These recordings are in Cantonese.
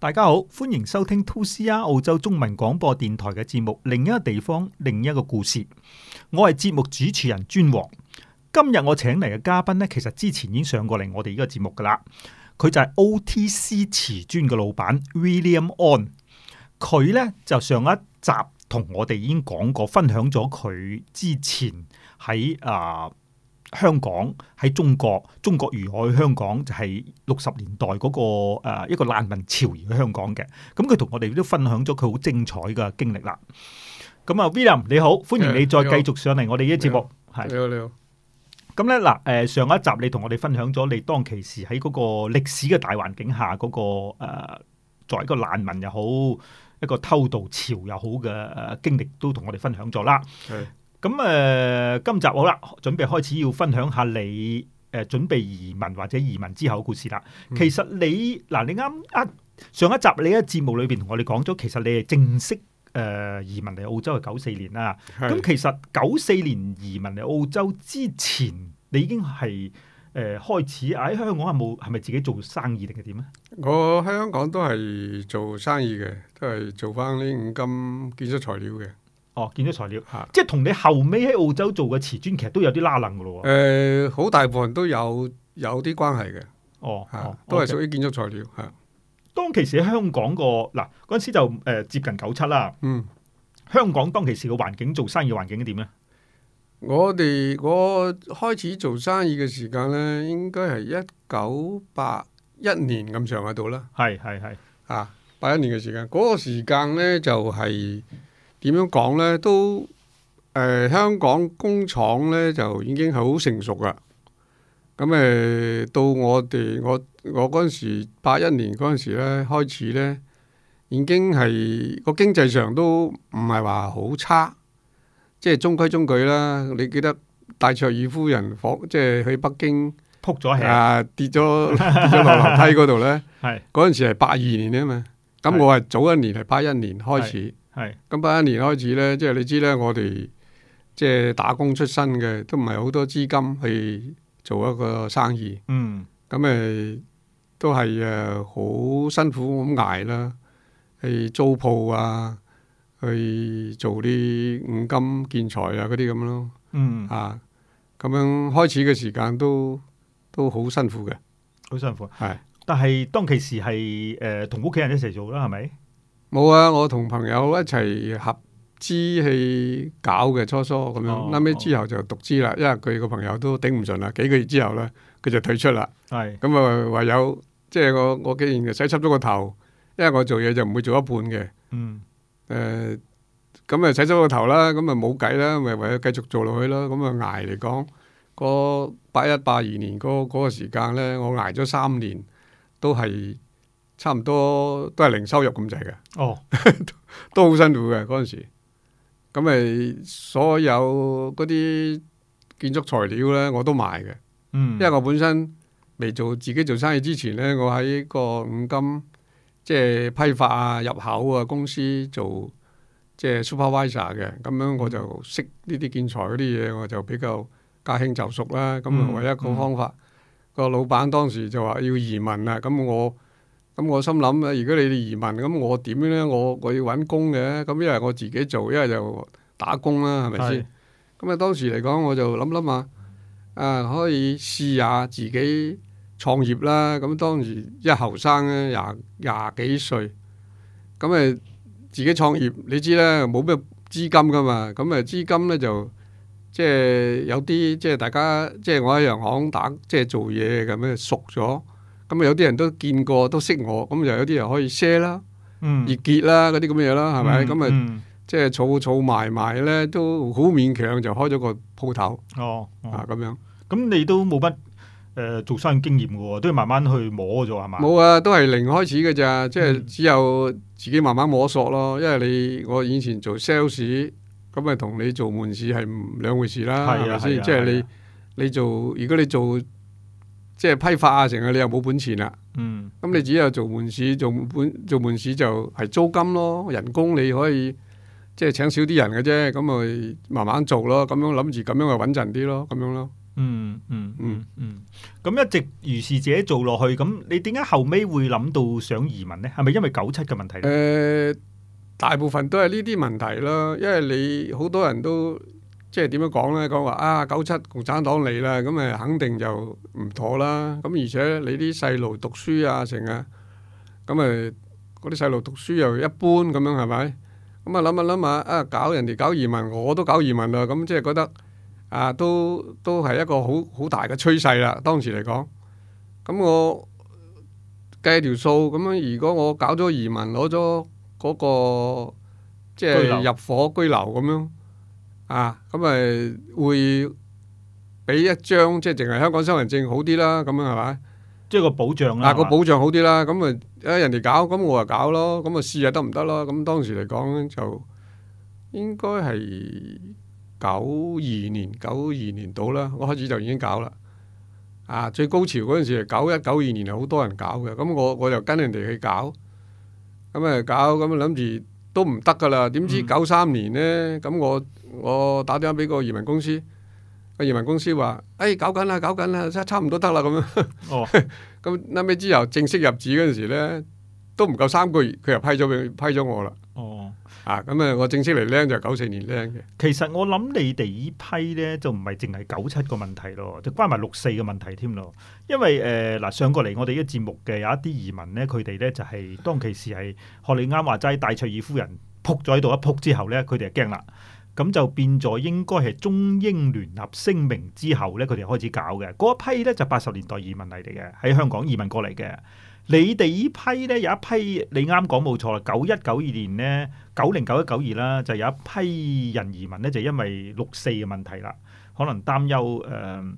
大家好，歡迎收聽 2CR 澳洲中文廣播電台嘅節目，另一個地方，另一個故事。我係節目主持人尊王，今日我請嚟嘅嘉賓呢，其實之前已經上過嚟我哋呢個節目噶啦，佢就係 OTC 瓷磚嘅老闆 William Ong，佢呢，就上一集同我哋已經講過，分享咗佢之前喺啊。呃香港喺中國，中國沿海香港就係六十年代嗰個誒一個難民潮嚟香港嘅，咁佢同我哋都分享咗佢好精彩嘅經歷啦。咁啊，William 你好，歡迎你再繼續上嚟我哋呢個節目。你好，你好。咁咧嗱誒，上一集你同我哋分享咗你當其時喺嗰個歷史嘅大環境下嗰個誒作為一個難民又好，一個偷渡潮又好嘅誒經歷，都同我哋分享咗啦。咁誒、呃，今集好啦，準備開始要分享下你誒、呃、準備移民或者移民之後嘅故事啦。其實你嗱、嗯啊，你啱啊，上一集你喺節目裏邊同我哋講咗，其實你係正式誒、呃、移民嚟澳洲係九四年啦、啊。咁是其實九四年移民嚟澳洲之前，你已經係誒、呃、開始喺香港係冇係咪自己做生意定係點啊？我喺香港都係做生意嘅，都係做翻呢五金建築材料嘅。哦，建築材料，是即係同你後尾喺澳洲做嘅瓷磚，其實都有啲拉楞嘅咯。誒、呃，好大部分都有有啲關係嘅。哦，是哦都係屬於建築材料。係，當其時喺香港個嗱嗰陣時就誒接近九七啦。嗯，香港當其時個環境做生意嘅環境點咧？我哋我開始做生意嘅時間咧，應該係一九八一年咁上下度啦。係係係，啊，八一年嘅時間，嗰、那個時間咧就係、是。點樣講呢？都誒、呃，香港工廠呢，就已經好成熟噶。咁、嗯、誒，到我哋我我嗰陣時八一年嗰陣時咧，開始呢已經係個經濟上都唔係話好差，即係中規中矩啦。你記得戴卓爾夫人火，即係去北京撲咗，啊、呃、跌咗 跌咗落樓梯嗰度呢，嗰陣 是時係八二年啊嘛。咁我係早一年係八一年開始是。係咁，八一年開始咧，即係你知咧，我哋即係打工出身嘅，都唔係好多資金去做一個生意。嗯，咁誒都係誒好辛苦咁捱啦，去租鋪啊，去做啲五金建材啊嗰啲咁咯。嗯啊，咁樣開始嘅時間都都好辛苦嘅，好辛苦。係，但係當其時係誒同屋企人一齊做啦，係咪？冇啊！我同朋友一齊合資去搞嘅，初初咁樣，啱啱之後就獨資啦。哦、因為佢個朋友都頂唔順啦，幾個月之後咧，佢就退出啦。係咁啊，唯有即係我我既然洗濕咗個頭，因為我做嘢就唔會做一半嘅。嗯。誒、呃，咁啊洗濕個頭啦，咁啊冇計啦，咪唯有繼續做落去咯。咁啊捱嚟講，八一八二年、嗰個嗰、嗰個時間咧，我捱咗三年都係。差唔多都係零收入咁滯嘅，哦，都好辛苦嘅嗰陣時。咁咪所有嗰啲建築材料咧，我都賣嘅。嗯，因為我本身未做自己做生意之前咧，我喺個五金即係批發啊、入口啊公司做即係 supervisor 嘅。咁樣我就識呢啲建材嗰啲嘢，我就比較駕輕就熟啦。咁啊、嗯，唯一個方法，個、嗯、老闆當時就話要移民啦。咁我。咁我心諗啊，如果你哋移民咁，我點咧？我我要搵工嘅。咁因為我自己做，一係就打工啦，係咪先？咁啊是，當時嚟講，我就諗諗下啊，可以試下自己創業啦。咁當時一後生咧，廿廿幾歲，咁誒自己創業，你知啦，冇咩資金噶嘛。咁誒資金呢，就即係有啲，即係大家，即係我喺洋行打，即係做嘢咁咧熟咗。咁有啲人都見過，都識我，咁就有啲人可以賒啦，熱結啦嗰啲咁嘅嘢啦，係咪？咁啊，即係儲儲埋埋咧，都好勉強就開咗個鋪頭。哦，啊咁樣，咁你都冇乜誒做生意經驗嘅喎，都要慢慢去摸嘅啫，係嘛？冇啊，都係零開始嘅咋，即係只有自己慢慢摸索咯。因為你我以前做 sales，咁啊同你做門市係兩回事啦，係咪先？即係你你做，如果你做。即係批發啊！成日你又冇本錢啦，咁你只有做門市，做本做門市就係租金咯，人工你可以即係、就是、請少啲人嘅啫，咁咪慢慢做咯。咁樣諗住咁樣係穩陣啲咯，咁樣咯。嗯嗯嗯嗯，咁、嗯嗯嗯、一直如是者做落去，咁你點解後尾會諗到想移民呢？係咪因為九七嘅問題呢、呃？大部分都係呢啲問題咯，因為你好多人都。即係點樣講呢？講話啊，九七共產黨嚟啦，咁誒肯定就唔妥啦。咁而且你啲細路讀書啊，成日，咁誒嗰啲細路讀書又一般咁樣係咪？咁啊諗下諗下啊，啊搞人哋搞移民，我都搞移民啦。咁即係覺得啊，都都係一個好好大嘅趨勢啦。當時嚟講，咁我計條數，咁樣如果我搞咗移民，攞咗嗰個即係入伙居留咁樣。啊，咁、嗯、咪會俾一張即係淨係香港身份證好啲啦，咁樣係咪？即係個保障啊，個吧保障好啲啦，咁咪啊人哋搞，咁、嗯、我啊搞咯，咁、嗯、啊試下得唔得咯？咁、嗯、當時嚟講就應該係九二年、九二年到啦，我開始就已經搞啦。啊，最高潮嗰陣時係九一、九二年，好多人搞嘅，咁、嗯、我我就跟人哋去搞，咁啊搞，咁諗住都唔得噶啦，點知九三年呢，咁我。我打電話俾個移民公司，個移民公司話：誒、哎，搞緊啦，搞緊啦，差差唔多得啦咁樣。哦，咁啱啱之後正式入紙嗰陣時咧，都唔夠三個月，佢又批咗俾批咗我啦。哦，啊，咁啊，我正式嚟咧就九四年咧嘅。其實我諗你哋呢批咧，就唔係淨係九七個問題咯，就關埋六四個問題添咯。因為誒嗱、呃，上過嚟我哋嘅節目嘅有一啲移民咧，佢哋咧就係、是、當其時係學 你啱話齋戴卓爾夫人撲咗喺度一撲之後咧，佢哋就驚啦。咁就變咗應該係中英聯合聲明之後咧，佢哋開始搞嘅嗰一批咧，就八十年代移民嚟嘅，喺香港移民過嚟嘅。你哋呢批咧有一批，你啱講冇錯啦。九一九二年咧，九零九一九二啦，就有一批人移民咧，就因為六四嘅問題啦，可能擔憂誒、呃、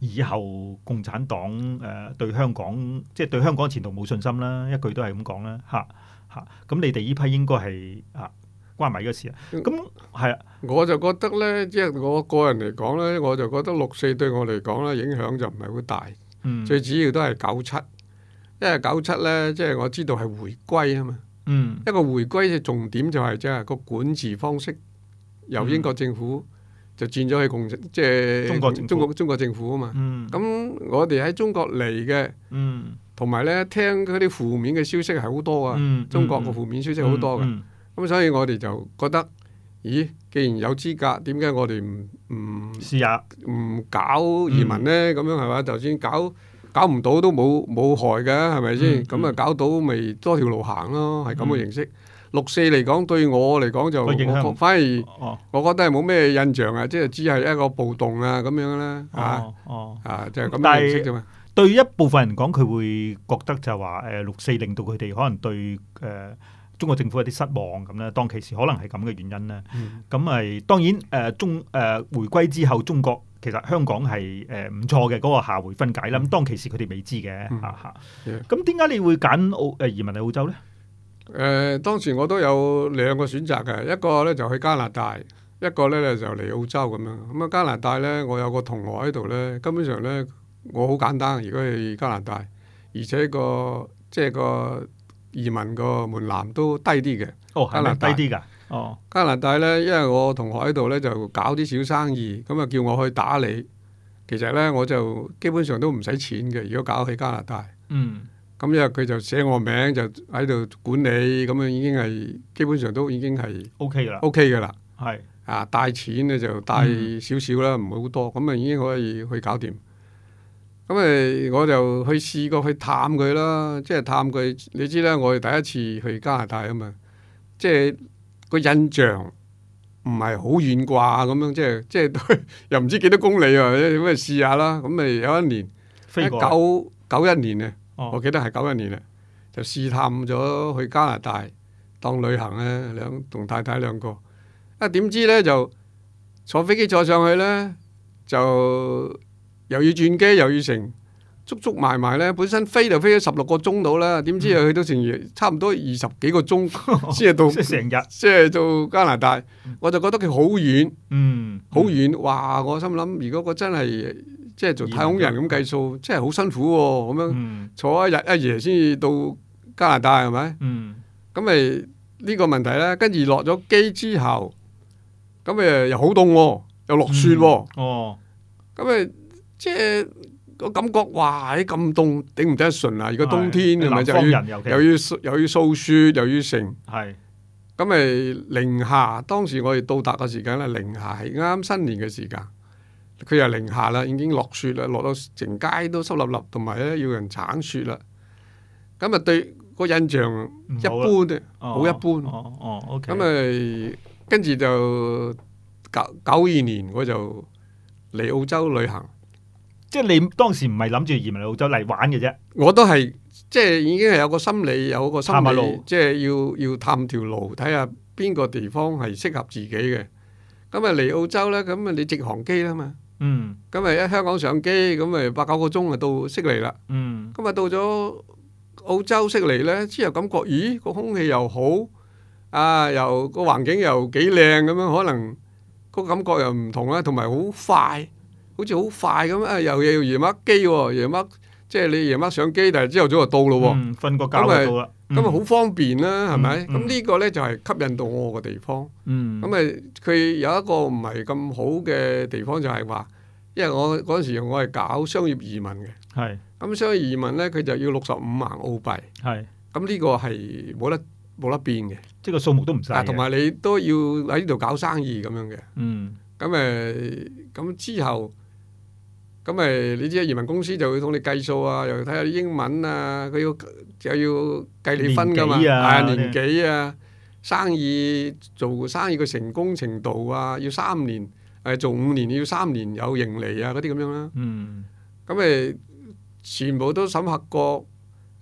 以後共產黨誒、呃、對香港即係、就是、對香港前途冇信心啦，一句都係咁講啦，嚇嚇。咁你哋呢批應該係啊。關咪嘅事啊！咁係啊，我就覺得呢，即係我個人嚟講呢，我就覺得六四對我嚟講咧影響就唔係好大。嗯、最主要都係九七，因為九七呢，即係我知道係回歸啊嘛。嗯，一個回歸嘅重點就係即係個管治方式由英國政府就轉咗去共、嗯、即係中國政府。中國，中國政府啊嘛。嗯。咁我哋喺中國嚟嘅。嗯。同埋呢，聽嗰啲負面嘅消息係好多啊！嗯。中國個負面消息好多嘅。咁所以我哋就覺得，咦？既然有資格，點解我哋唔唔試下唔搞移民呢？咁樣係嘛？就算搞搞唔到都冇冇害嘅，係咪先？咁啊，搞到咪多條路行咯？係咁嘅形式。六四嚟講，對我嚟講就反而，我覺得係冇咩印象啊，即係只係一個暴動啊咁樣啦。吓，吓就係咁嘅認識啫嘛。對一部分人講，佢會覺得就話，誒，六四令到佢哋可能對誒。中國政府有啲失望咁咧，當其時可能係咁嘅原因咧。咁係、嗯、當然誒、呃、中誒、呃、回歸之後，中國其實香港係誒唔錯嘅嗰、嗰個下回分解啦。咁當其時佢哋未知嘅嚇嚇。咁點解你會揀澳誒移民嚟澳洲咧？誒、嗯、當時我都有兩個選擇嘅，一個咧就去加拿大，一個咧就嚟澳洲咁樣。咁啊加拿大咧，我有個同學喺度咧，根本上咧我好簡單，如果去加拿大，而且個即係個。移民個門檻都低啲嘅，oh, 加拿大係咪低啲㗎。Oh. 加拿大呢，因為我同學喺度呢，就搞啲小生意，咁啊叫我去打理。其實呢，我就基本上都唔使錢嘅，如果搞起加拿大。嗯。咁因為佢就寫我名，就喺度管理，咁啊已經係基本上都已經係 OK 㗎了啦，OK 㗎啦。係是。啊，帶錢呢就帶少少啦，唔會好、嗯、多，咁啊已經可以去搞掂。咁誒，我就去試過去探佢啦，即係探佢。你知啦，我係第一次去加拿大啊嘛，即係個印象唔係好遠啩，咁樣，即係即係 又唔知幾多公里啊，咁咪試下啦。咁咪有一年，九九一年啊，哦、我記得係九一年啊，就試探咗去加拿大當旅行啊，兩同太太兩個。一點知咧就坐飛機坐上去咧就。又要轉機又要乘，足足埋埋咧，本身飛就飛咗十六個鐘到啦，點知又去到成差唔多二十幾個鐘先係到成 日，即係到加拿大，我就覺得佢好遠，嗯，嗯，好遠，哇！我心諗，如果個真係即係做太空人咁計數，嗯、真係好辛苦喎、哦，咁樣坐一日一夜先至到加拿大係咪？嗯，咁咪呢個問題咧，跟住落咗機之後，咁誒又好凍喎，又落雪喎、哦嗯，哦，咁誒、嗯。即係個感覺，哇！喺咁凍，頂唔頂得順啊！如果冬天係咪就要又要又要掃雪，又要成。係。咁咪零下，當時我哋到達嘅時間咧，零下係啱新年嘅時間。佢又零下啦，已經落雪啦，落到成街都濕立立，同埋咧要人鏟雪啦。咁啊，對個印象一般嘅，好一般。咁咪跟住就九九二年，我就嚟澳洲旅行。即係你當時唔係諗住移民澳洲嚟玩嘅啫，我都係即係已經係有個心理，有個心理，即係要要探條路，睇下邊個地方係適合自己嘅。咁啊嚟澳洲呢，咁啊你直航機啦嘛，嗯，咁啊一香港上機，咁啊八九個鐘啊到悉尼啦，嗯，咁啊到咗澳洲悉尼呢，之後感覺咦個空氣又好，啊又個環境又幾靚咁樣，可能個感覺又唔同啦，同埋好快。好似好快咁啊！又又要夜晚機，喔，夜晚即係你夜晚上機，但係朝頭早就到咯、嗯。嗯，瞓個覺就到啦。咁啊，好方便啦，係咪？咁呢個呢，就係吸引到我嘅地方。嗯。咁啊，佢有一個唔係咁好嘅地方就係話，因為我嗰陣時我係搞商業移民嘅。係是。咁商業移民呢，佢就要六十五萬澳幣。係是。咁呢個係冇得冇得變嘅。即係數目都唔細。同埋你都要喺呢度搞生意咁樣嘅。嗯。咁誒、嗯，咁、啊啊、之後。咁誒、嗯，你知移民公司就會同你計數啊，又要睇下英文啊，佢要又要計你分㗎嘛，係啊，哎、年紀啊，生意做生意嘅成功程度啊，要三年誒做五年要三年有盈利啊嗰啲咁樣啦、嗯嗯。嗯，咁誒全部都審核過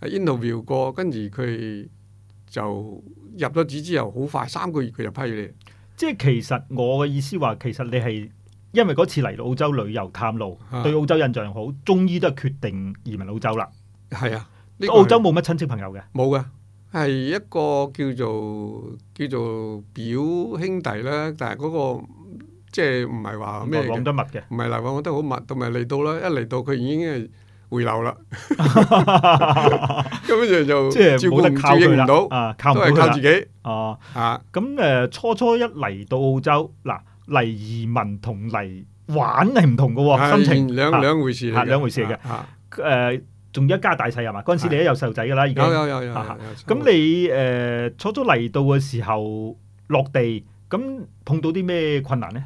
，Interview 過，跟住佢就入咗紙之後，好快、嗯、三個月佢就批你。即係其實我嘅意思話，其實你係。因為嗰次嚟澳洲旅遊探路，啊、對澳洲印象好，終於都係決定移民澳洲啦。係啊，這個、澳洲冇乜親戚朋友嘅，冇嘅，係一個叫做叫做表兄弟啦。但係、那、嗰個即係唔係話咩，攏得密嘅，唔係嚟往得好密，同埋嚟到啦，一嚟到佢已經係回流啦，根本上就即係冇得靠佢，都係靠自己。哦，啊，咁、啊、誒，初初一嚟到澳洲嗱。嚟移民同嚟玩係唔同嘅心情，兩兩兩、啊、回事，係兩回事嘅。誒、啊，仲、啊、一家大細啊嘛？嗰陣時你都有細路仔嘅啦，已經有有有有。咁你誒、呃、初初嚟到嘅時候落地，咁碰到啲咩困難呢？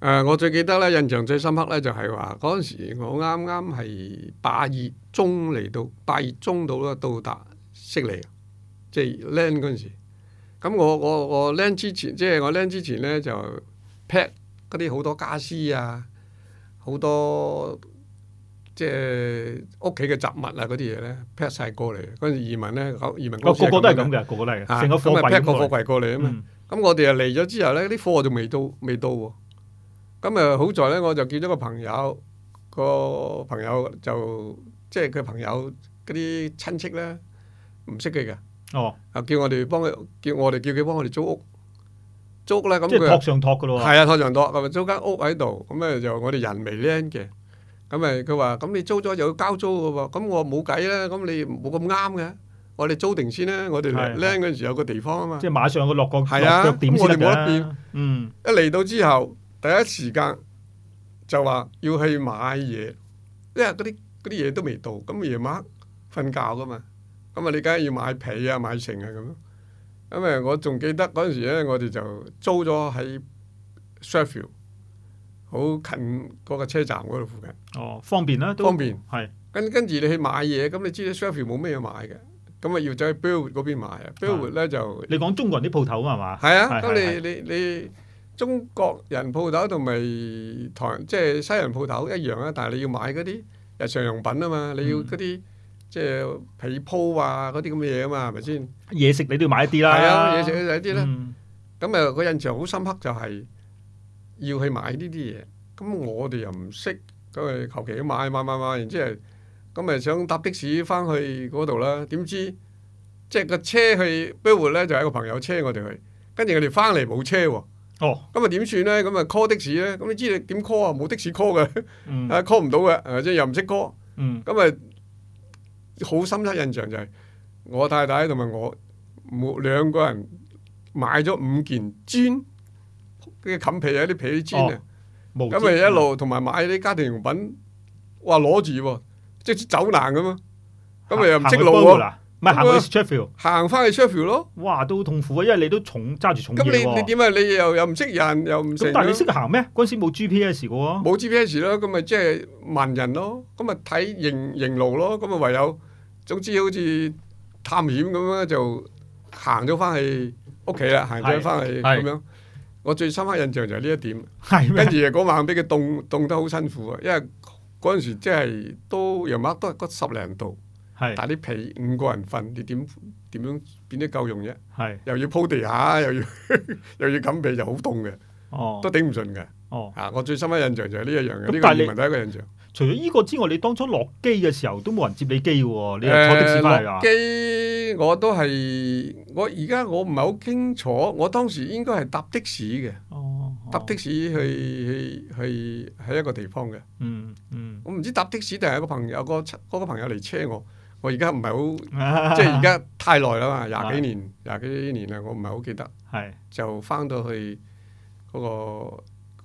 誒、啊，我最記得咧，印象最深刻咧，就係話嗰陣時我啱啱係八月中嚟到，八月中到啦，到達悉尼，即係 land 嗰陣時。咁我我我 land 之前，即係我 land 之前咧就。就 pack 嗰啲好多家私啊，好多即係屋企嘅雜物啊，嗰啲嘢咧 pack 晒過嚟。嗰陣時移民咧，移民公司個個都係咁嘅，個個都係。啊，咁咪 pack 個貨櫃過嚟啊嘛。咁、嗯嗯嗯、我哋啊嚟咗之後咧，啲貨仲未到，未到、哦。咁啊，好在咧，我就見咗個朋友，個朋友就即係佢朋友嗰啲親戚咧，唔識佢嘅。哦叫。叫我哋幫佢，叫我哋叫佢幫我哋租,租屋。租啦，咁佢託上託㗎喇喎，係啊，託上託咁啊租間屋喺度，咁咧就我哋人未 land 嘅。咁咪佢話咁你租咗就要交租噶喎，咁我冇計啦，咁你冇咁啱嘅，我哋租定先啦，我哋嚟 land 嗰陣時有個地方啊嘛，即係馬上個落腳，係啊，腳點先啦，我哋冇得變。嗯，一嚟到之後第一時間就話要去買嘢，因為嗰啲嗰啲嘢都未到，咁夜晚瞓覺噶嘛，咁啊你梗係要買被啊買剩啊咁。因為我仲記得嗰陣時咧，我哋就租咗喺 Strathfield，好近嗰個車站嗰度附近。哦，方便啦，都方便。係。跟跟住你去買嘢，咁你知道 Strathfield 冇咩嘢買嘅，咁啊要走去 Burwood 嗰邊買。Burwood 咧就你講中國人啲鋪頭啊嘛。係啊，咁你你你，你中國人鋪頭同埋台即係西人鋪頭一樣啊，但係你要買嗰啲日常用品啊嘛，你要嗰啲。嗯即係被鋪啊，嗰啲咁嘅嘢啊嘛，係咪先？嘢食你都要買一啲啦。係啊，嘢食要買啲啦。咁啊、嗯，個印象好深刻就係要去買呢啲嘢。咁我哋又唔識，咁啊求其去買買買買。慢慢慢慢然之後咁、就、啊、是、想搭的士翻去嗰度啦。點知即係個車去不活咧？就係個朋友車我哋去。跟住佢哋翻嚟冇車喎。哦。咁啊點算咧？咁啊 call 的士咧？咁你知你點 call 啊？冇的士 call 嘅。啊、mm. call 唔到嘅，即係又唔識 call。咁啊？好深刻印象就係我太太同埋我，兩個人買咗五件磚，啲冚被有啲皮磚啊，咁咪、哦、一路同埋買啲家庭用品，哇攞住即係走難噶嘛，咁咪又唔識路啊，咪行去 Cherfield，就行翻去 Cherfield 咯，哇都痛苦啊，因為你都重揸住重，咁你你點啊？你又又唔識人又唔，咁但係你識行咩？嗰陣時冇 GPS 個喎，冇 GPS 咯，咁咪即係盲人咯，咁咪睇認認路咯，咁咪唯有爐爐。總之好似探險咁樣，就行咗翻去屋企啦，行咗翻去咁樣。我最深刻印象就係呢一點。跟住嗰晚俾佢凍凍得好辛苦啊！因為嗰陣時即係都又冇，都係嗰十零度。係。但啲被五個人瞓，你點點樣變得夠用啫？又要鋪地下，又要又要冚被，又好凍嘅。都頂唔順嘅。啊！我最深刻印象就係呢一樣嘅，呢個係移民第一個印象。除咗依個之外，你當初落機嘅時候都冇人接你機喎，你係坐的士落機？我都係我而家我唔係好清楚，我當時應該係搭的士嘅。搭、哦哦、的士去去喺一個地方嘅、嗯。嗯，我唔知搭的士定係一個朋友個嗰、嗰個朋友嚟車我。我而家唔係好， 即係而家太耐啦嘛，廿幾 年廿幾年啦，我唔係好記得。係是，就翻到去嗰、嗰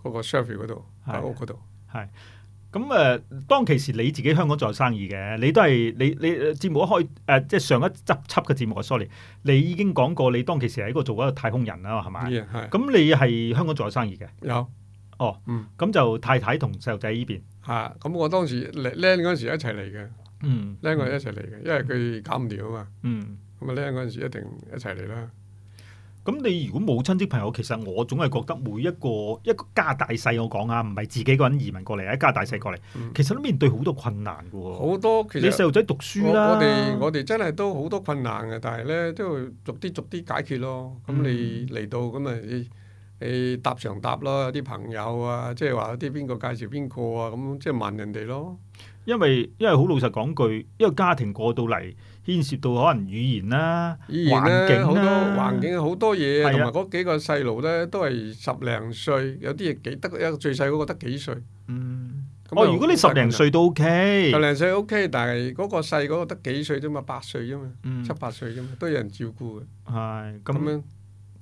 個嗰、嗰個 surface 嗰度，屋嗰度係。是是咁誒、嗯，當其時你自己香港做生意嘅，你都係你你節目一開誒、呃，即係上一執輯嘅節目，sorry，你已經講過你當其時係一個做一個太空人啊，係咪？咁你係香港做生意嘅？有。哦。嗯。咁就太太同細路仔依邊嚇。咁、啊、我當時靚嗰陣時一齊嚟嘅。嗯。靚嗰陣時一齊嚟嘅，因為佢搞唔掂啊嘛。嗯。咁啊靚嗰陣時一定一齊嚟啦。咁你如果冇親戚朋友，其實我總係覺得每一個一家大細，我講啊，唔係自己個人移民過嚟，一家大細過嚟，嗯、其實都面對好多困難嘅喎。好多其實你細路仔讀書啦。我哋我哋真係都好多困難嘅，但係咧都逐啲逐啲解決咯。咁你嚟到咁咪、嗯，你你搭上搭啦，有啲朋友啊，即係話有啲邊個介紹邊個啊，咁即係問人哋咯因。因為因為好老實講一句，因為家庭過到嚟。牽涉到可能語言啦、語言，環境好多環境好多嘢，同埋嗰幾個細路咧都係十零歲，有啲嘢幾得一個最細嗰個得幾歲。嗯、這樣 哦，如果你十零歲都 OK，十零歲 OK，但係嗰個細嗰個得幾歲啫嘛，八歲啫嘛，七八、嗯、歲啫嘛，都有人照顧嘅。係咁、嗯、樣。嗯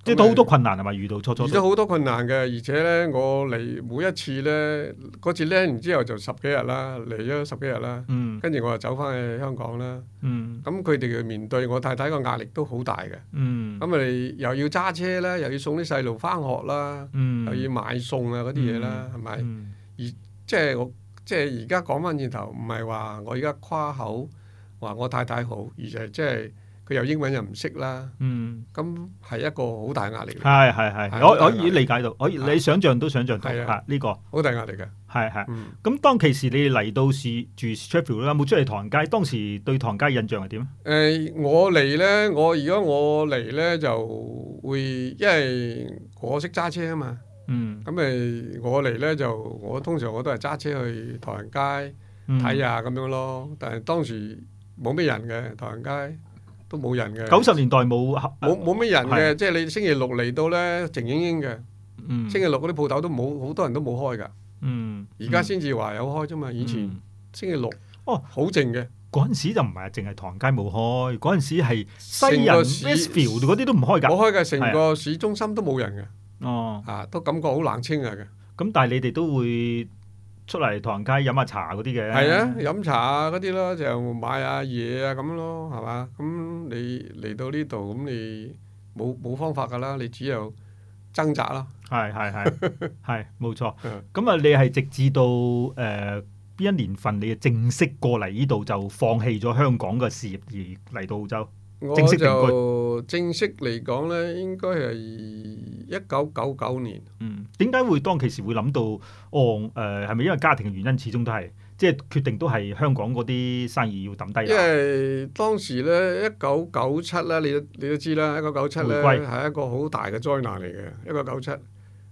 即係都好多困難係咪？遇到初初。遇到好多困難嘅，而且咧，我嚟每一次咧，嗰次咧完之後就十幾日啦，嚟咗十幾日啦，跟住、嗯、我就走翻去香港啦。嗯，咁佢哋要面對我太太個壓力都好大嘅。嗯，咁咪又要揸車啦，又要送啲細路翻學啦，嗯、又要買餸啊嗰啲嘢啦，係咪？而即係我即係而家講翻轉頭，唔係話我而家誇口話我太，太太好，而係即係。又英文又唔識啦，嗯，咁係一個好大，大壓力。係係係，可可以理解到，可以是是你想象都想象到，係呢的、啊呢個好大壓力嘅。係係是，咁、嗯、當其時你嚟到市住 Strathfield 啦，冇出嚟唐人街。當時對唐人街印象係點啊？誒、呃，我嚟咧，我如果我嚟咧就會，因為我識揸車啊嘛，嗯，咁誒，我嚟咧就我通常我都係揸車去唐人街睇下咁樣咯。嗯、但係當時冇咩人嘅唐人街。都冇人嘅，九十年代冇冇冇咩人嘅，的即係你星期六嚟到呢，靜英英嘅。嗯、星期六嗰啲鋪頭都冇，好多人都冇開噶、嗯。嗯，而家先至話有開啫嘛。以前星期六，嗯、哦，好靜嘅。嗰陣時就唔係淨係唐街冇開，嗰陣時係西人市嗰啲都唔開噶。冇開嘅，成個市中心都冇人嘅。哦、嗯啊，都感覺好冷清啊嘅。咁、哦、但係你哋都會。出嚟唐人街飲下茶嗰啲嘅，係啊飲、就係、茶啊嗰啲咯，就買下嘢啊咁咯，係嘛？咁你嚟到呢度咁，你冇冇方法噶啦？你只有掙扎啦。係係係係，冇 錯。咁啊，你係直至到誒邊、呃、一年份，你就正式過嚟呢度就放棄咗香港嘅事業而嚟到澳洲。我就正式嚟講咧，應該係一九九九年。嗯，點解會當其時會諗到？哦，誒、呃，係咪因為家庭嘅原因，始終都係即係決定都係香港嗰啲生意要抌低？因為當時呢，一九九七呢，你你都知啦，一九九七咧係一個好大嘅災難嚟嘅。一九九七，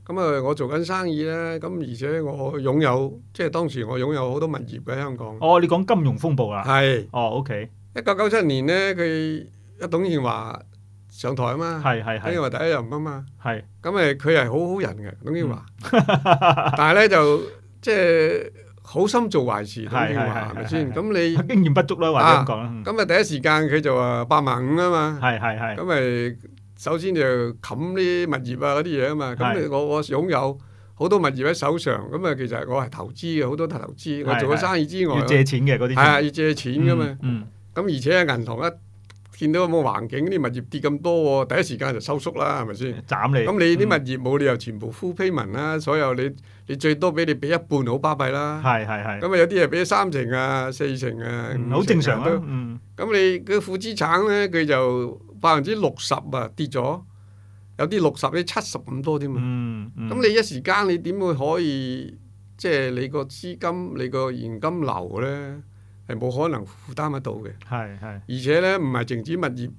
咁啊，我做緊生意呢，咁而且我擁有，即係當時我擁有好多物業喺香港。哦，你講金融風暴啊？係是。哦、oh,，OK。一九九七年呢，佢。董建華上台啊嘛，係係係，因為第一任啊嘛，係咁誒，佢係好好人嘅董建華，但係咧就即係好心做壞事，董建華係咪先？咁你經驗不足啦，話咁講啦，咁啊第一時間佢就話八萬五啊嘛，咁誒首先就冚啲物業啊嗰啲嘢啊嘛，咁我我擁有好多物業喺手上，咁啊其實我係投資嘅，好多投資，我做咗生意之外，要借錢嘅嗰啲，係啊要借錢㗎嘛，咁而且銀行一見到有冇環境啲物業跌咁多，第一時間就收縮啦，係咪先？斬你。咁你啲物業冇理由全部 full payment 啦。所有你，你最多俾你俾一半，好巴閉啦。係係係。咁啊，有啲係俾三成啊、四成啊、五成啊。好正常都。嗯。咁你個負資產咧，佢就百分之六十啊跌咗，有啲六十啲七十咁多添嘛。嗯。咁你一時間你點會可以，即係你個資金、你個現金流咧？係冇可能負擔得到嘅，係係是，而且咧唔係淨止物業，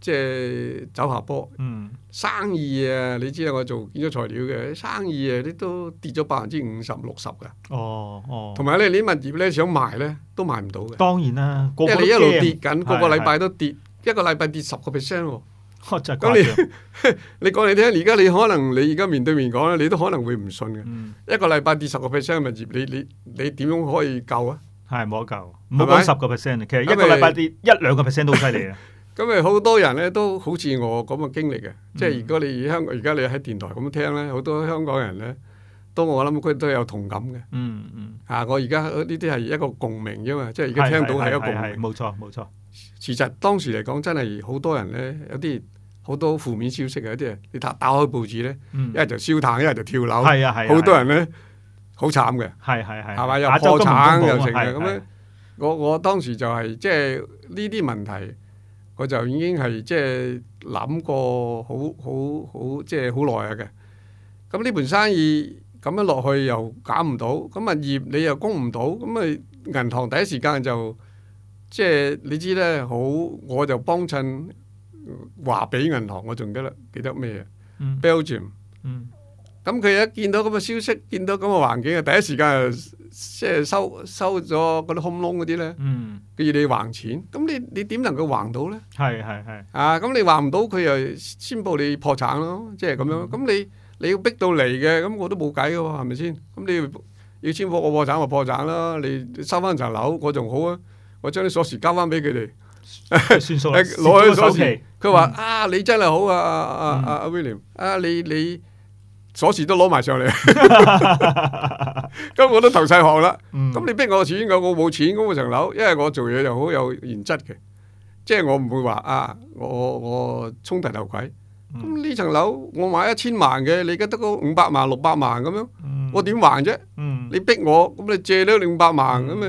即係走下坡。嗯、生、啊，生意啊，你知啊，我做建築材料嘅生意啊，啲都跌咗百分之五十六十㗎。哦同埋咧，你啲物業咧想賣咧都賣唔到嘅。當然啦，個個個因為你一路跌緊，個、啊、個禮拜都跌，是是一個禮拜跌十個 percent 喎。咁、哦、 你你講嚟聽，而家你可能你而家面對面講，你都可能會唔信嘅。嗯、一個禮拜跌十個 percent 物業，你你你點樣可以救啊？係冇得救，唔好講十個 percent 啊！其實一個禮拜跌一兩個 percent 都好犀利啊！咁咪好多人咧都好似我咁嘅經歷嘅，嗯、即係如果你香而家你喺電台咁聽咧，好多香港人咧都我諗佢都有同感嘅。嗯嗯，啊，我而家呢啲係一個共鳴啫嘛，即係而家聽到係一個共鳴。冇錯冇錯。其實當時嚟講，真係好多人咧，有啲好多很負面消息嘅。有啲你打打開報紙咧，嗯、一係就燒炭，一係就跳樓。係啊係啊，好多人咧。係係係。好慘嘅，係係係，係咪？又破產文文又成嘅咁咧。係係係，我我當時就係即係呢啲問題，我就已經係即係諗過好好好，即係好耐啊嘅。咁呢盤生意咁樣落去又搞唔到，咁物業你又供唔到，咁啊銀行第一時間就即係、即係、你知咧，好我就幫襯華比銀行，我仲記得記得咩啊、嗯？Belgium、嗯。咁佢一見到咁嘅消息，見到咁嘅環境啊，第一時間啊，即係收收咗嗰啲空窿嗰啲咧。嗯。佢要你還錢，咁你你點能夠還到咧？係係係。啊！咁你還唔到，佢又宣布你破產咯，即係咁樣。咁你你要逼到嚟嘅，咁我都冇計嘅喎，係咪先？咁你要要宣布我破產就破產咯。你收翻層樓，我仲好啊！我將啲鎖匙交翻俾佢哋。算數啦，攞咗鎖匙。佢話：啊，你真係好啊啊啊 William 啊，你你。鎖匙都攞埋上嚟、 嗯，咁我都投晒降啦。咁你逼我錢，我我冇錢。咁嗰層樓，因為我做嘢就好有原則嘅，即係我唔會話啊，我我充大頭鬼。咁呢層樓我買一千萬嘅，你而家得個五百萬六百萬咁樣，我點還啫？嗯、你逼我，咁你借咗你五百萬咁啊？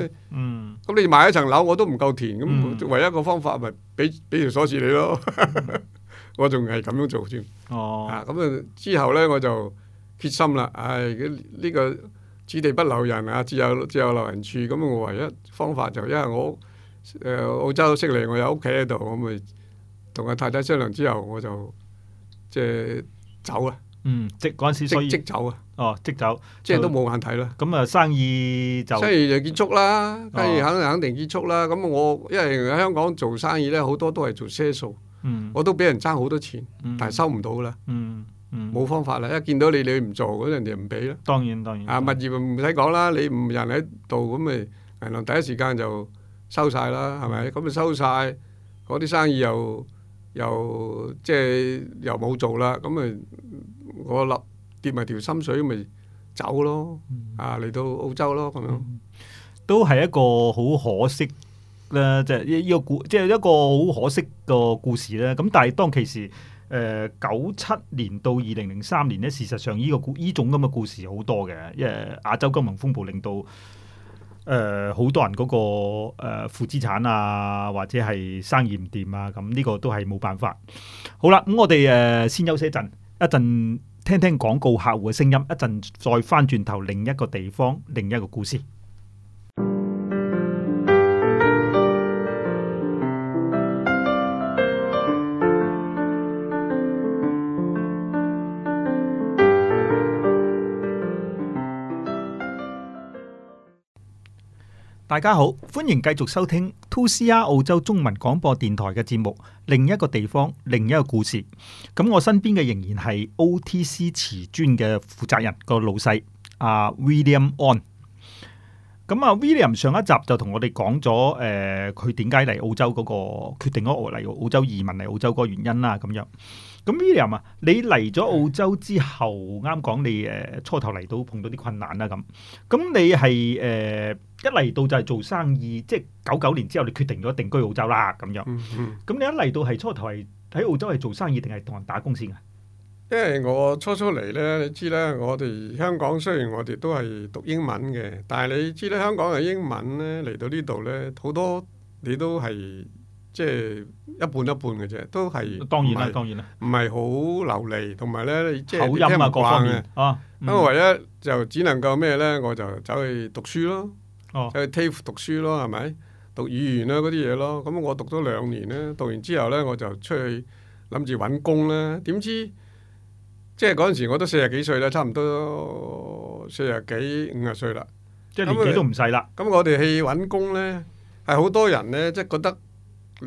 咁、嗯、你買一層樓我都唔夠填，咁唯一一個方法咪俾俾條鎖匙你咯。 我仲係咁樣做住，哦、啊咁啊之後咧我就決心啦，唉！呢、呢個此地不留人啊，自有自有留人處。咁我唯一方法就是、因為我誒澳洲悉尼，我有屋企喺度，我咪同阿太太商量之後，我就即係走啦。嗯，即嗰陣時即，即走啊，哦，即走，即係都冇眼睇咯。咁啊，生意就生意就結束啦，生意肯肯定結束啦。咁我、哦、因為喺香港做生意咧，好多都係做些數。我都俾人爭好多錢，嗯、但係收唔到啦，嗯，冇方法啦。一見到你，你唔做，咁人哋唔俾啦。當然當然，啊，物業唔使講啦，你唔人喺度咁咪銀行第一時間就收晒啦，係咪、嗯？咁咪收晒，嗰啲生意又又即係又冇做啦。咁咪我立跌埋條心水咪走咯，嗯、啊嚟到澳洲咯咁、嗯、樣，都係一個好可惜。即係依個故，即、這、係、個、一個好可惜個故事咧。咁但係當其時，誒九七年到二零零三年呢，事實上呢個故依種咁嘅故事好多嘅，因為亞洲金融風暴令到誒好、呃、多人嗰、那個誒負、呃、資產啊，或者係生意唔掂啊，咁、這、呢個都係冇辦法。好啦，咁我哋誒、呃、先休息一陣，一陣聽聽廣告客戶嘅聲音，一陣再翻轉頭另一個地方，另一個故事。大家好，歡迎繼續收聽 2CR 澳洲中文廣播電台嘅節目，另一個地方，另一個故事。咁我身邊嘅仍然係 OTC 瓷磚嘅負責人、那個老細阿、啊、William Ong。咁啊，William 上一集就同我哋講咗，誒、呃，佢點解嚟澳洲嗰、那個決定咗我嚟澳洲移民嚟澳洲嗰個原因啦，咁樣。咁 William 啊，你嚟咗澳洲之後，啱講是你誒、呃、初頭嚟到碰到啲困難啦，咁，咁你係誒。呃一嚟到就係做生意，即係九九年之後，你決定咗定居澳洲啦，咁樣。咁、嗯嗯、你一嚟到係初頭係喺澳洲係做生意，定係同人打工先啊？因為我初初嚟咧，你知啦，我哋香港雖然我哋都係讀英文嘅，但係你知咧，香港嘅英文咧嚟到呢度咧，好多你都係即係一半一半嘅啫，都係當然啦，當然啦，唔係好流利，同埋咧，即係口音啊各方面啊。咁、嗯、唯一就只能夠咩咧，我就走去讀書咯。就、oh. 去 TAFE 讀書咯，係咪？讀語言啦嗰啲嘢咯。咁、嗯、我讀咗兩年咧，讀完之後咧，我就出去諗住揾工咧。點知即係嗰陣時我都四十幾歲啦，差唔多四十幾五十歲啦，即係年紀都唔細啦。咁、嗯嗯嗯、我哋去揾工呢，係好多人呢，即係覺得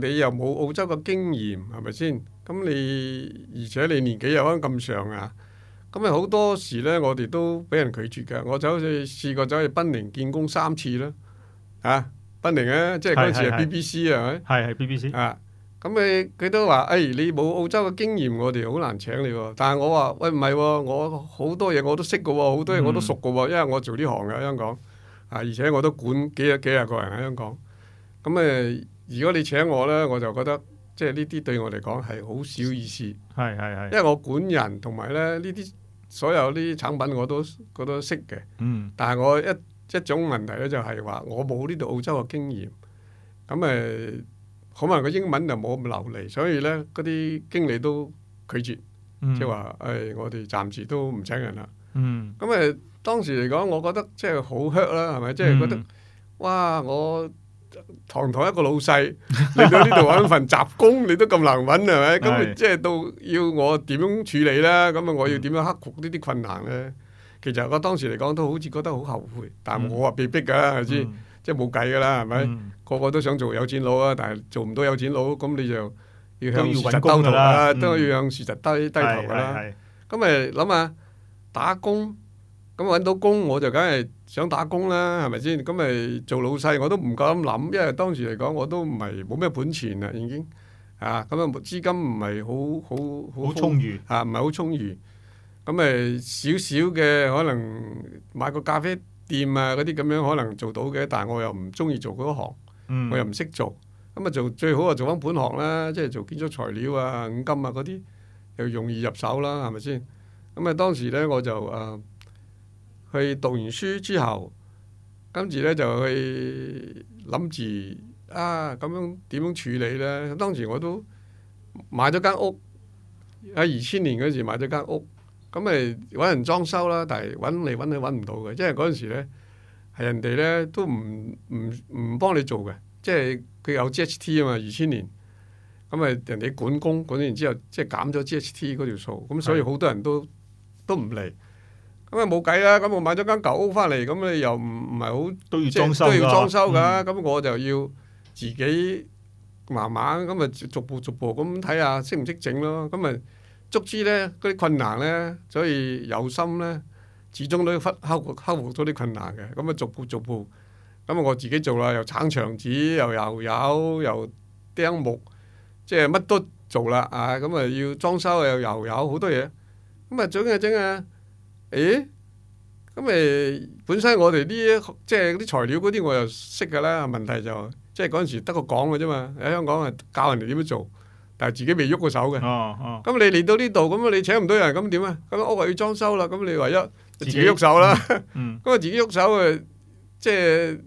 你又冇澳洲嘅經驗係咪先？咁、嗯、你而且你年紀又可咁上啊？咁啊好多時咧，我哋都俾人拒絕嘅。我就好似試過走去奔寧見工三次啦，嚇奔寧啊，即係嗰時 BBC 係咪？係係 BBC 啊！咁佢佢都話，誒、哎，你冇澳洲嘅經驗，我哋好難請你喎。但係我話，喂，唔係喎，我好多嘢我都識嘅喎，好多嘢我都熟嘅喎，嗯、因為我做呢行嘅香港啊，而且我都管幾啊幾廿個人喺香港。咁、嗯、誒、啊，如果你請我咧，我就覺得即係呢啲對我嚟講係好小意思。是是因為我管人同埋咧呢啲。所有啲產品我都覺得識嘅，但係我一一種問題咧就係話我冇呢度澳洲嘅經驗，咁誒可能個英文就冇咁流利，所以咧嗰啲經理都拒絕，即係話誒我哋暫時都唔請人啦。咁、嗯、誒、嗯嗯、當時嚟講，我覺得即係好 hurt 啦，係咪？即係覺得哇我。堂堂一個老細嚟到呢度揾份雜工，你都咁難揾係咪？咁即係到要我點樣處理啦？咁啊，我要點樣克服呢啲困難呢？其實我當時嚟講都好似覺得好後悔，但係我話被逼㗎，係咪？即係冇計㗎啦，係咪？個個都想做有錢佬啊，但係做唔到有錢佬，咁你就都要向事實低頭啦，都要向事實低低頭啦。咁咪諗下打工咁揾到工，我就梗係，想打工啦，係咪先？咁咪做老細我都唔敢諗，因為當時嚟講我都唔係冇咩本錢啦，已經啊，咁啊資金唔係好好好充裕嚇，唔係好充裕。咁誒少少嘅可能買個咖啡店啊嗰啲咁樣可能做到嘅，但我又唔中意做嗰行，嗯、我又唔識做。咁啊做最好啊做返本行啦，即係做建築材料啊五金啊嗰啲又容易入手啦，係咪先？咁啊當時咧我就誒。啊佢讀完書之後，跟住咧就去諗住啊，咁樣點樣處理呢？當時我都買咗間屋，喺二千年嗰時買咗間屋，咁咪揾人裝修啦。但係揾嚟揾去揾唔到嘅，因為嗰陣時咧係人哋呢都唔唔唔幫你做嘅，即係佢有 GHT 啊嘛，二千年，咁咪人哋管工管完之後，即係減咗 GHT 嗰條數，咁所以好多人都的都唔嚟。咁啊冇計啦！咁我買咗間舊屋翻嚟，咁你又唔唔係好，都要裝修都要裝修噶，咁、嗯、我就要自己慢慢咁啊，逐步逐步咁睇下識唔識整咯。咁啊，足之咧嗰啲困難咧，所以有心咧，始終都克克服咗啲困難嘅。咁啊，逐步逐步，咁啊我自己做啦，又鏟牆紙，又油油，又釘木，即係乜都做啦啊！咁啊要裝修又油油好多嘢，咁啊整啊整啊～誒，咁誒、哎、本身我哋啲即係啲材料嗰啲，我又識㗎啦。問題就即係嗰陣時得個講㗎啫嘛。喺香港啊，教人哋點樣做，但係自己未喐過手嘅。哦哦。咁你嚟到呢度，咁你請唔到人，咁點啊？咁屋啊要裝修啦，咁你唯一就自己喐手啦。嗯。咁啊，自己喐 手啊，即係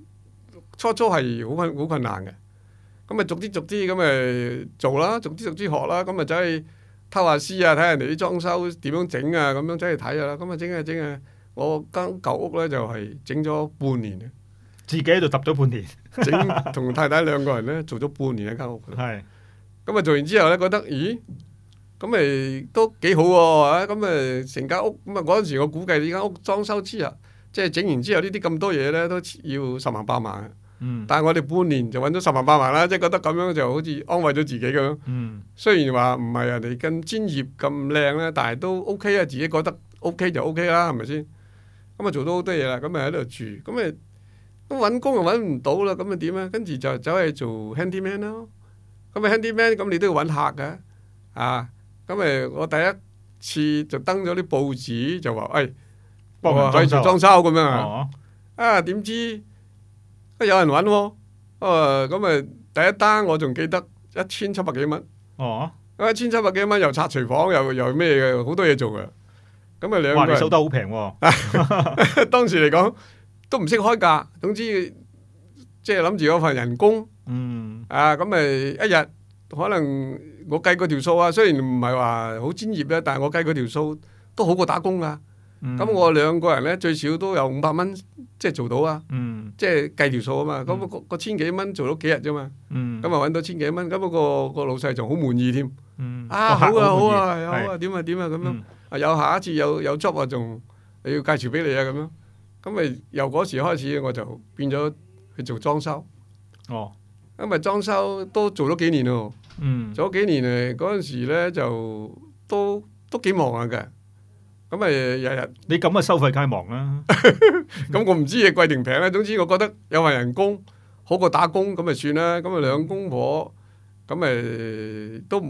初初係好困好困難嘅。咁啊，逐啲逐啲咁誒做啦，逐啲逐啲學啦，咁啊真係。偷下師啊，睇人哋啲裝修點樣整啊，咁樣走去睇下啦。咁啊整下整下，我間舊屋咧就係整咗半年。自己喺度揼咗半年，整同太太兩個人咧做咗半年一間屋。係。咁啊做完之後咧覺得，咦？咁咪都幾好喎，啊！咁啊成間屋咁啊嗰陣時我估計呢間屋裝修之後，即係整完之後呢啲咁多嘢咧都要十萬八萬。但係我哋半年就揾咗十萬八萬啦，即係覺得咁樣就好似安慰咗自己咁。 雖然話唔係人哋咁專業咁靚啦，但係都 OK 啊，自己覺得 OK 就 OK 啦，係咪先？咁、嗯、啊做到好多嘢啦，咁咪喺度住，咁咪都揾工又揾唔到啦，咁咪點啊？跟住就走去做 handyman 咯。咁咪 handyman，咁你都要揾客噶啊。咁啊我第一次就登咗啲報紙就話，誒幫、哎、啊開做裝修咁樣啊。啊點知？啊！有人揾喎，啊咁啊，第一單我仲記得一千七百幾蚊，哦，一千七百幾蚊又拆廚房，又又咩嘅，好多嘢做啊，咁啊兩個，哇！你收得好平喎，當時嚟講都唔識開價，總之即係諗住嗰份人工，嗯，啊咁咪一日可能我計嗰條數啊，雖然唔係話好專業啦，但係我計嗰條數都好過打工㗎。咁我兩個人咧，最少都有五百蚊，即係做到啊！即係計條數啊嘛。咁個個千幾蚊做咗幾日啫嘛。咁啊揾到千幾蚊。咁不過個老細仲好滿意添。啊，好啊，好啊，有啊，點啊，點啊咁樣。有下一次有有 job 啊，仲你要介紹俾你啊咁樣。咁咪由嗰時開始，我就變咗去做裝修。哦，咁咪裝修都做咗幾年咯。做咗幾年誒，嗰陣時咧就都都幾忙下嘅。咁咪日日你咁啊收費太忙啦！咁 我唔知嘢貴定平咧。總之我覺得有份人工好過打工，咁咪算啦。咁啊兩公婆咁咪都，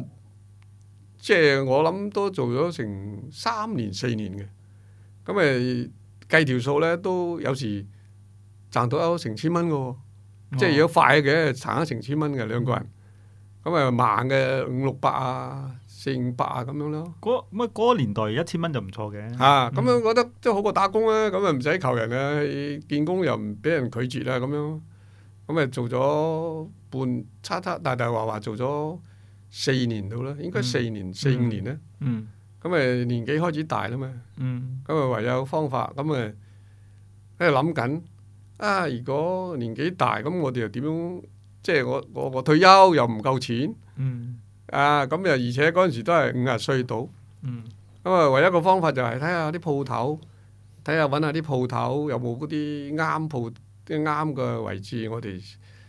即係我諗都做咗成三年四年嘅。咁咪計條數咧都有時賺到有成千蚊嘅，哦、即係如果快嘅賺咗成千蚊嘅兩個人，咁啊慢嘅五六百啊。四五百啊咁樣咯，嗰乜嗰個年代一千蚊就唔錯嘅。嚇、啊，咁、嗯、樣、嗯、覺得即係好過打工啦、啊，咁啊唔使求人啦、啊，見工又唔俾人拒絕啦、啊，咁樣。咁啊做咗半差差大大話話做咗四年到啦，應該四年四五年咧。嗯。咁啊、嗯嗯、年紀開始大啦嘛。嗯。咁啊唯有方法，咁啊喺度諗緊。啊！如果年紀大咁，我哋又點樣？即係我我我退休又唔夠錢。嗯。啊，咁又而且嗰陣時都係五廿歲到，咁啊、嗯、唯一,一個方法就係睇下啲鋪頭，睇下揾下啲鋪頭有冇嗰啲啱鋪啱嘅位置，我哋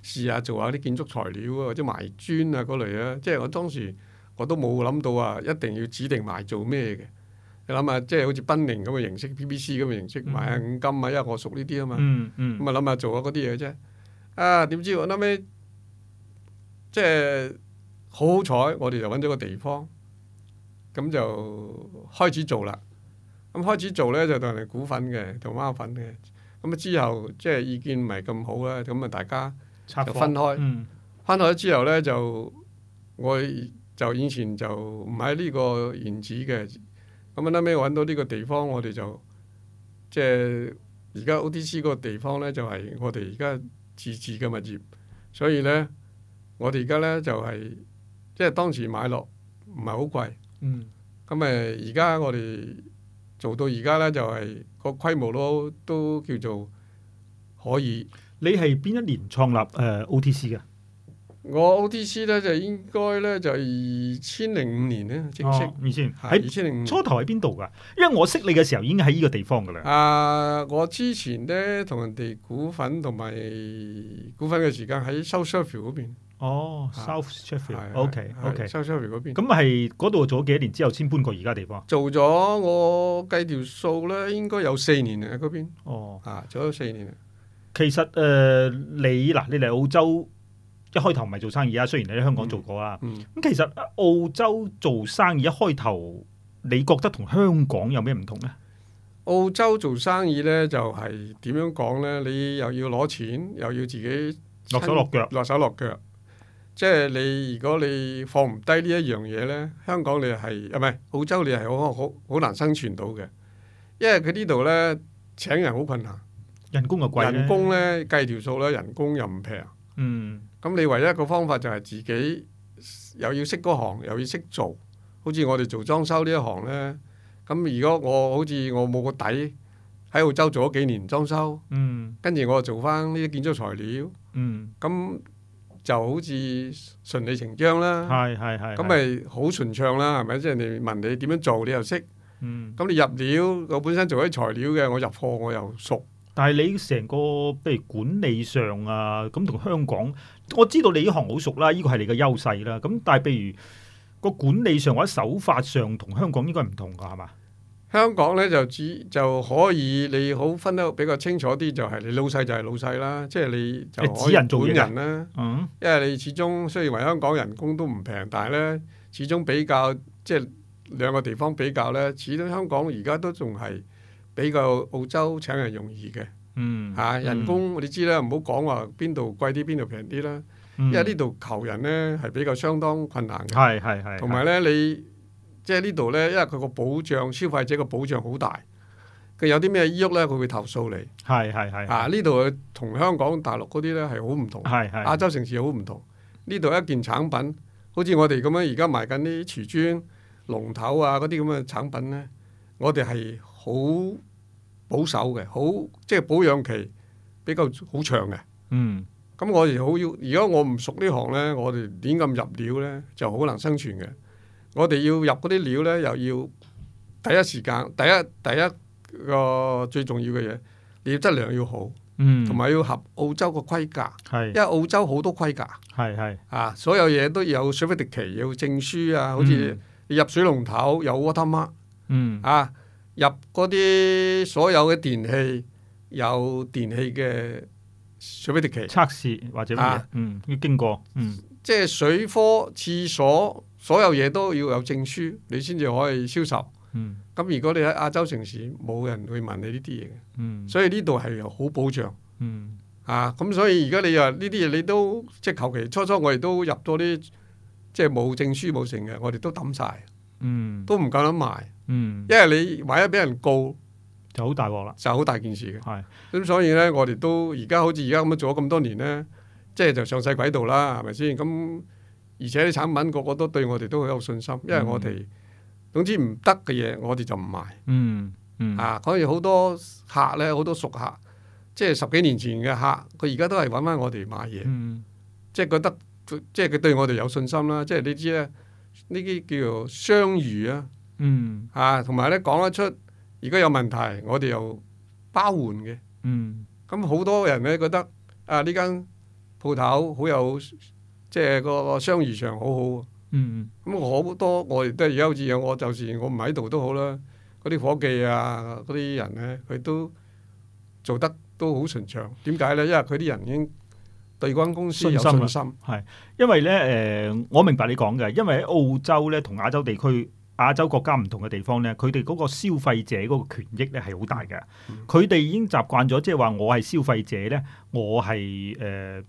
試下做下啲建築材料啊，或者埋磚啊嗰類啊。即係我當時我都冇諗到啊，一定要指定埋做咩嘅。你諗下，即係好似奔寧咁嘅形式，BBC 咁嘅形式買下、嗯、五金啊，因為我熟呢啲啊嘛。咁啊諗下做下嗰啲嘢啫。啊，點知我後屘即係～好好彩，我哋就揾咗個地方，咁就開始做啦。咁開始做呢，就當人哋股份嘅，當媽粉嘅。咁之後即係意見唔係咁好啦，咁啊大家就分開。嗯、分開之後呢，就，我就以前就唔喺呢個原址嘅。咁後尾揾到呢個地方，我哋就即係而家 OTC 個地方呢，就係、是、我哋而家自治嘅物業。所以呢，我哋而家呢，就係、是。即係當時買落唔係好貴，嗯，咁誒而家我哋做到而家咧就係個規模咯，都叫做可以。你係邊一年創立誒 OTC 嘅？我 OTC 咧就應該咧就二千零五年咧，正式二千喺二千零五初頭。喺邊度噶？因為我識你嘅時候已經喺呢個地方嘅啦。啊，我之前咧同人哋股份同埋股份嘅時間喺 South Sheffield 嗰邊。哦，South Sheffield，OK OK，South Sheffield 嗰邊。咁係嗰度做咗幾年之後先搬過而家地方。做咗我計條數咧，應該有四年喺嗰邊。哦，啊，做咗四年。其實誒，你嗱，你嚟澳洲。一開頭唔係做生意啊，雖然你喺香港做過啊。咁、嗯嗯、其實澳洲做生意一開頭，你覺得同香港有咩唔同呢？澳洲做生意呢，就係、是、點樣講呢？你又要攞錢，又要自己落手落腳，落手落腳。即係你如果你放唔低呢一樣嘢呢，香港你係啊唔係澳洲你係好好好難生存到嘅，因為佢呢度呢，請人好困難，人工又貴，人工呢，計條數呢，人工又唔平，嗯。咁你唯一一個方法就係自己又要識嗰行，又要識做。好似我哋做裝修呢一行呢，咁如果我好似我冇個底，喺澳洲做咗幾年裝修，跟住我又做翻呢啲建築材料，咁就好似順理成章啦。係係係，咁咪好順暢啦，係咪？即係人哋問你點樣做，你又識。咁你入料，我本身做啲材料嘅，我入貨我又熟。但係你成個譬如管理上啊，咁同香港，我知道你呢行好熟啦，呢個係你嘅優勢啦。咁但係，譬如個管理上或者手法上，同香港應該唔同噶，係嘛？香港呢，就只就可以，你好分得比較清楚啲，就係、是、你老細就係老細啦，即係你就人指人做人啦。嗯、因為你始終雖然話香港人工都唔平，但係呢，始終比較即係兩個地方比較呢，始終香港而家都仲係比較澳洲請人容易嘅。嗯嚇、啊，人工我哋知啦，唔好講話邊度貴啲，邊度平啲啦。嗯、因為呢度求人咧係比較相當困難嘅。係係係。同埋咧，你即係、就是、呢度咧，因為佢個保障消費者個保障好大。佢有啲咩喐咧，佢會投訴你。係係係。啊，呢度同香港大陸嗰啲咧係好唔同。係。亞洲城市好唔同。呢度一件產品，好似我哋咁樣而家賣緊啲瓷磚、龍頭啊嗰啲咁嘅產品咧，我哋係好保守嘅，好即係保養期比較好長嘅。嗯，咁我哋好要，如果我唔熟呢行呢，我哋點咁入料呢？就好難生存嘅。我哋要入嗰啲料呢，又要第一時間，第一第一個最重要嘅嘢，你要質量要好。同埋、嗯、要合澳洲個規格。係，因為澳洲好多規格。係係啊，所有嘢都有水費的期要證書啊，好似入水龍頭有 watermark。嗯啊。入嗰啲所有嘅電器，有電器嘅水電器測試或者乜，啊，嗯要經過，嗯即係水科廁所所有嘢都要有證書，你先至可以銷售。嗯咁如果你喺亞洲城市冇人會問你呢啲嘢，嗯所以呢度係好保障，嗯啊咁所以而家你話呢啲嘢你都即係求其，初初我哋都入咗啲即係冇證書冇成嘅，我哋都抌晒。嗯，都唔夠膽賣，嗯，因為你萬一俾人告，就好大鑊啦，就好大件事嘅，係，咁所以咧，我哋都而家好似而家咁樣做咗咁多年咧，即係就上世軌道啦，係咪先？咁而且啲產品個個都對我哋都好有信心，嗯，因為我哋總之唔得嘅嘢，我哋就唔賣，嗯，嗯，啊，所以好多客咧，好多熟客，即係十幾年前嘅客，佢而家都係搵翻我哋買嘢，即係，嗯，覺得，即係佢對我哋有信心啦，即係你知咧。呢啲叫做商譽、嗯、啊，嚇，同埋咧講得出，如果有問題，我哋又包換嘅。咁好、嗯嗯、多人咧覺得啊，呢間鋪頭好有，即、就、係、是、個商譽場好好。咁、嗯嗯、我好多我亦都而家好似我就算我唔喺度都好啦，嗰啲伙計啊，嗰啲人咧佢都做得都好順暢。點解咧？因為佢啲人已經對間公司有信心，係因為咧誒、呃，我明白你講嘅，因為喺澳洲咧同亞洲地區、亞洲國家唔同嘅地方咧，佢哋嗰個消費者嗰個權益咧係好大嘅，佢哋、嗯、已經習慣咗，即係話我係消費者咧，我係誒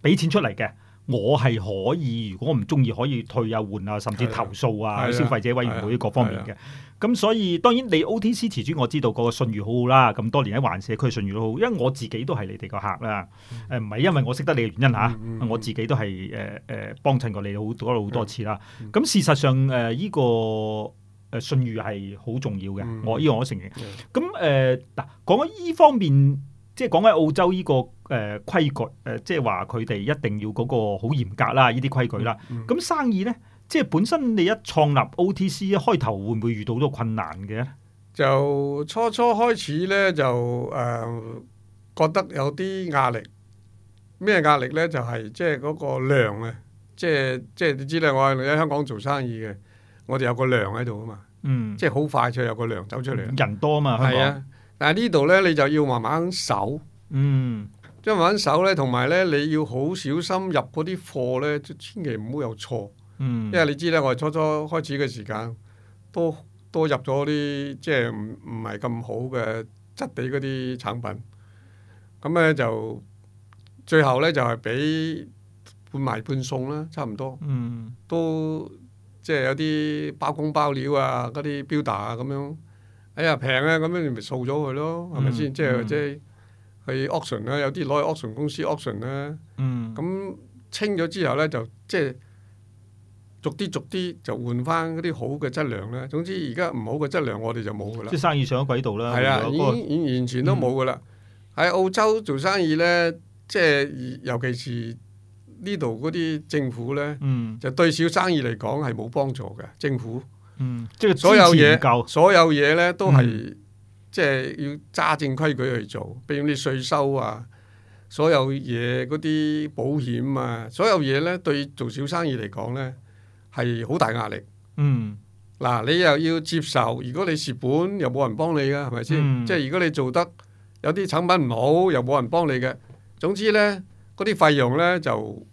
俾錢出嚟嘅，我係可以，如果我唔中意可以退啊、換啊，甚至投訴啊，的消費者委員會的各方面嘅。咁所以當然你 O T C 瓷磚我知道個信譽好好啦，咁多年喺環社區信譽都好，因為我自己都係你哋個客啦。誒唔係因為我識得你嘅原因嚇，嗯嗯、我自己都係誒誒幫襯過你好多好多次啦。咁事實上誒依、呃這個誒信譽係好重要嘅，嗯、我呢依、這個、我承認。咁誒嗱講緊依方面，即係講緊澳洲依、這個誒、呃、規矩誒、呃，即係話佢哋一定要嗰個好嚴格啦，依啲規矩啦。咁生意咧。即係本身你一創立 OTC 一開頭會唔會遇到好多困難嘅？就初初開始呢，就誒、呃、覺得有啲壓力。咩壓力呢？就係、是、即係嗰個量啊！即係即係你知啦，我喺香港做生意嘅，我哋有個量喺度啊嘛。嗯，即係好快就有個量走出嚟。人多嘛？係啊。但係呢度呢，你就要慢慢守。嗯，即係慢慢守呢，同埋呢，你要好小心入嗰啲貨呢，就千祈唔好有錯。嗯、因為你知咧，我哋初初開始嘅時間都，都都入咗啲即係唔唔係咁好嘅質地嗰啲產品，咁咧就最後咧就係俾半賣半送啦，差唔多。嗯、都即係有啲包工包料啊，嗰啲 builder 啊咁樣，哎呀平啊，咁樣你咪掃咗佢咯，係咪先？即係即係去 auction 啦，有啲攞去 auction 公司 auction 啦，嗯。咁清咗之後咧，就即係。就係逐啲逐啲就換翻嗰啲好嘅質量啦。總之而家唔好嘅質量我哋就冇噶啦。即係生意上咗軌道啦。係啊，已經完全都冇噶啦。喺澳洲做生意呢，即係尤其是呢度嗰啲政府呢，就對小生意嚟講係冇幫助嘅政府。嗯，即係所有嘢，所有嘢呢都係即係要揸正規矩去做，譬如你稅收啊，所有嘢嗰啲保險啊，所有嘢呢對做小生意嚟講呢。係好大壓力，嗯，嗱你又要接受，如果你蝕本又冇人幫你噶，係咪先？嗯、即係如果你做得有啲產品唔好，又冇人幫你嘅，總之呢，嗰啲費用呢就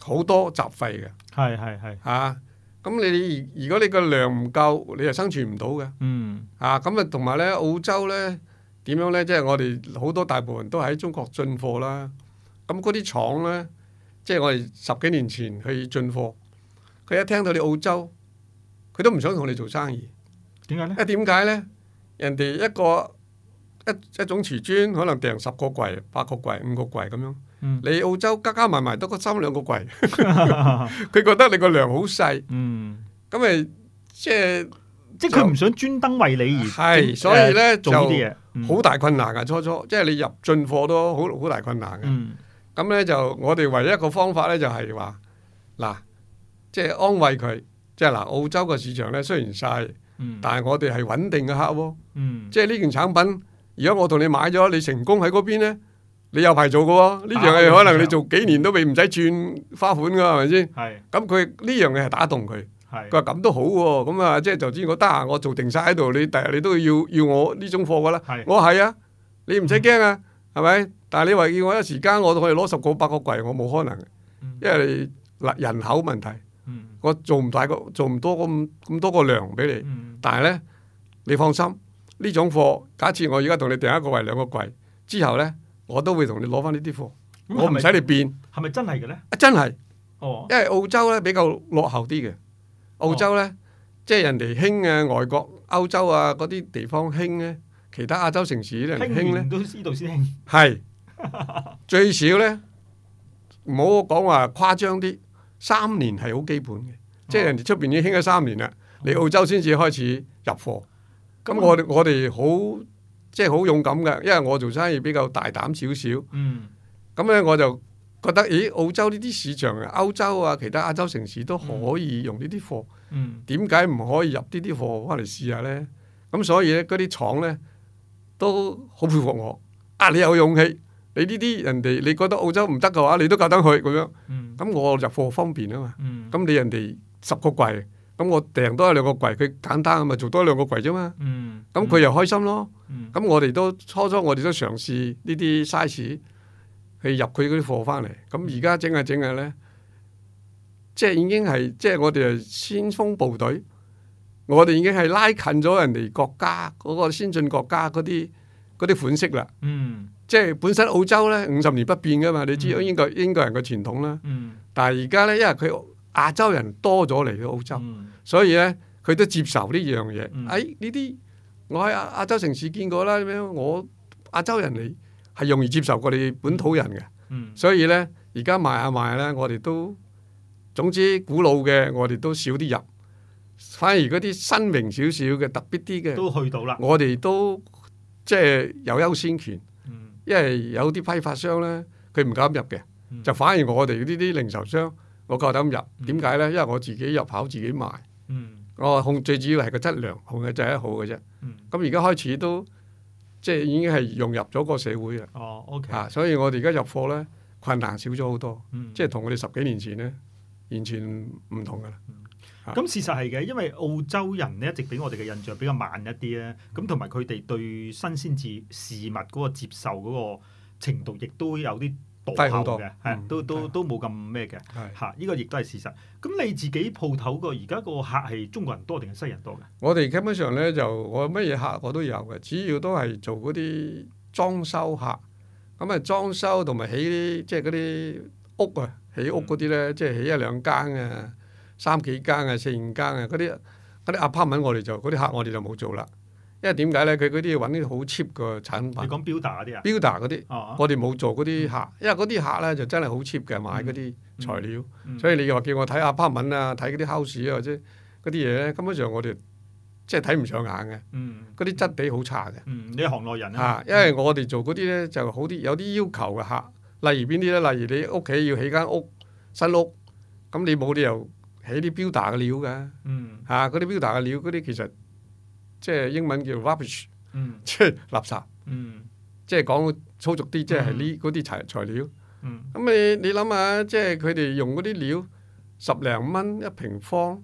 好多雜費嘅，係係係，吓，咁、啊、你如果你個量唔夠，你又生存唔到嘅，嗯，啊，咁啊同埋呢，澳洲呢點樣呢？即係我哋好多大部分都喺中國進貨啦，咁嗰啲廠呢，即係我哋十幾年前去進貨。佢一聽到你澳洲，佢都唔想同你做生意。點解咧？啊，點解咧？人哋一個一一種瓷磚，可能訂十個櫃、八個櫃、五個櫃咁樣。你澳洲加加埋埋得個三兩個櫃，佢覺得你個量好細。嗯，咁誒，即係即係佢唔想專登為你而係，所以咧做啲嘢就好大困難嘅。初初，即係你入進貨都好好大困難嘅。咁咧就我哋唯一一個方法咧就係話嗱。即係安慰佢，即係嗱，澳洲個市場咧雖然細，但係我哋係穩定嘅客，嗯，即係呢件產品，如果我同你買咗，你成功喺嗰邊咧，你有排做噶，呢樣嘢可能你做幾年都未唔使轉花款噶，係咪先？咁佢呢樣嘢係打動佢，佢話咁都好喎，咁啊即係就知我得閒我做定晒喺度，你第日你都要要我呢種貨噶啦。是我話係啊，你唔使驚啊，係咪、嗯？但係你話要我一時間我都可以攞十個八個櫃，我冇可能，因為嗱人口問題。我做唔大個，做唔多咁咁多個量俾你。但係呢，你放心，呢種貨，假設我而家同你訂一個櫃兩個櫃，之後呢，我都會同你攞翻呢啲貨，我唔使你變。係咪真係嘅呢？啊，真係。哦。因為澳洲呢比較落後啲嘅，澳洲呢即係人哋興嘅外國、歐洲啊嗰啲地方興呢，其他亞洲城市呢興呢，都知道先興。係，最少呢，唔好講話誇張啲。三年係好基本嘅，oh. 即係人哋出邊已經興咗三年啦，嚟、oh. 澳洲先至開始入貨。咁、oh. 我我哋好即係好勇敢嘅，因為我做生意比較大膽少少。嗯，咁咧我就覺得，咦？澳洲呢啲市場、歐洲啊、其他亞洲城市都可以用呢啲貨。嗯，點解唔可以入呢啲貨翻嚟試下呢？咁所以呢，嗰啲廠呢都好佩服我。啊，你有勇氣！你呢啲人哋，你覺得澳洲唔得嘅話，你都夠膽去咁樣。咁、嗯、我入貨方便啊嘛。咁、嗯、你人哋十個櫃，咁我訂多一兩個櫃，佢簡單啊嘛，做多一兩個櫃啫嘛。咁佢又開心咯。咁、嗯、我哋都初初，我哋都嘗試呢啲 size 去入佢嗰啲貨翻嚟。咁而家整下整下呢，即係已經係即係我哋係先鋒部隊。我哋已經係拉近咗人哋國家嗰個先進國家嗰啲啲款式啦。嗯。即係本身澳洲咧五十年不變嘅嘛，你知道英國，嗯、英國人嘅傳統啦。嗯、但係而家咧，因為佢亞洲人多咗嚟咗澳洲，嗯、所以咧佢都接受呢樣嘢。誒呢啲我喺亞洲城市見過啦，咁樣我亞洲人嚟係容易接受過你本土人嘅。嗯、所以咧而家賣啊賣咧，我哋都總之古老嘅，我哋都少啲入。反而嗰啲新穎少少嘅特別啲嘅，都去到啦。我哋都即係有優先權。因為有啲批發商咧，佢唔敢入嘅，嗯、就反而我哋呢啲零售商，我夠膽入。點解咧？因為我自己入口自己賣，嗯、我控最主要係個質量，控嘅就係好嘅啫。咁而家開始都即係已經係融入咗個社會啦。哦，OK。嚇、啊，所以我哋而家入貨咧，困難少咗好多。即係同我哋十幾年前咧，完全唔同噶啦。咁事實係嘅，因為澳洲人咧一直俾我哋嘅印象比較慢一啲咧，咁同埋佢哋對新鮮至事物嗰個接受嗰個程度，亦都有啲墮後嘅，係都都都冇咁咩嘅。嚇，呢個亦都係事實。咁你自己鋪頭個而家個客係中國人多定係西人多嘅？我哋基本上咧，就我乜嘢客我都有嘅，主要都係做嗰啲裝修客，咁啊裝修同埋起啲，即係嗰啲屋啊，起屋嗰啲咧，即係起一兩間啊。三幾間啊，四五間啊，嗰啲啲 apartment，我哋就嗰啲客我哋就冇做啦，因為點解咧？佢嗰啲要揾啲好 cheap 嘅產品。你講 builder 嗰啲啊？builder 嗰啲，我哋冇做嗰啲客，因為嗰啲客咧就真係好 cheap 嘅買嗰啲材料，所以你又話叫我睇 apartment 啊，睇嗰啲 house 啊，或者嗰啲嘢咧，根本上我哋即係睇唔上眼嘅。嗰啲質地好差嘅。嗯，你行內人啊？因為我哋做嗰啲咧就好啲，有啲要求嘅客，例如邊啲咧？例如你屋企要起間屋新屋，咁你冇理由。起啲標達嘅料嘅，嚇嗰啲標達嘅料，嗰啲其實即係英文叫 rubbish，嗯、即係垃圾，嗯、即係講粗俗啲，即係呢啲材、嗯、材料。咁、嗯嗯、你你諗下，即係佢哋用嗰啲料十零蚊一平方，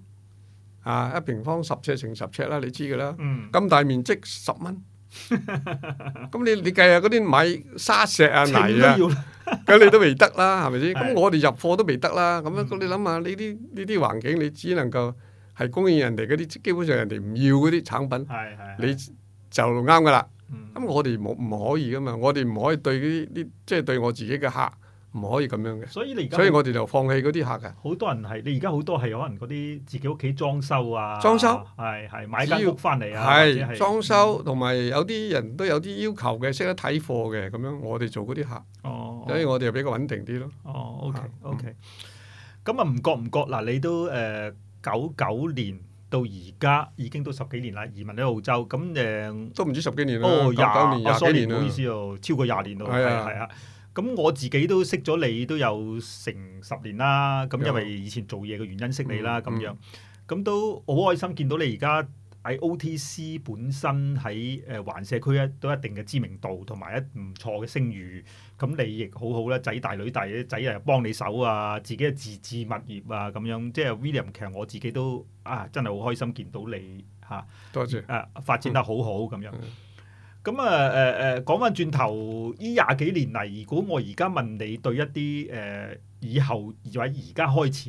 啊一平方十尺乘十尺啦、啊，你知㗎啦，咁、嗯、大面積十蚊。咁 你你計下嗰啲米沙石啊泥啊，咁你都未得啦，係咪先？咁我哋入貨都未得啦。咁樣你諗下呢啲呢啲環境，你只能夠係供應人哋嗰啲，基本上人哋唔要嗰啲產品。係係，你就啱噶啦。咁 我哋冇唔可以噶嘛？我哋唔可以對呢啲，即係對我自己嘅客。唔可以咁樣嘅，所以你而家，所以我哋就放棄嗰啲客嘅。好多人係，你而家好多係可能嗰啲自己屋企裝修啊，裝修係係買間屋返嚟啊，或者係裝修，同埋有啲人都有啲要求嘅，識得睇貨嘅咁樣，我哋做嗰啲客，所以我哋又比較穩定啲咯。哦，OK OK。咁啊，唔覺唔覺嗱？你都誒九九年到而家已經都十幾年啦，移民喺澳洲咁誒，都唔知十幾年啦，廿九年，廿幾年，唔好意思哦，超過廿年咯，係啊。咁我自己都識咗你都有成十年啦，咁因為以前做嘢嘅原因識你啦，咁、嗯嗯、樣，咁都好開心見到你而家喺 OTC 本身喺誒、呃、環社區咧都一定嘅知名度同埋一唔錯嘅聲譽，咁你亦好好啦，仔大女大女，啲仔啊幫你手啊，自己自置物業啊，咁樣，即係 William 其實我自己都啊真係好開心見到你嚇，啊、多謝誒、啊、發展得好好咁、嗯、樣。咁啊誒誒講翻轉頭呢廿幾年嚟，如果我而家問你對一啲誒、呃、以後，或者而家開始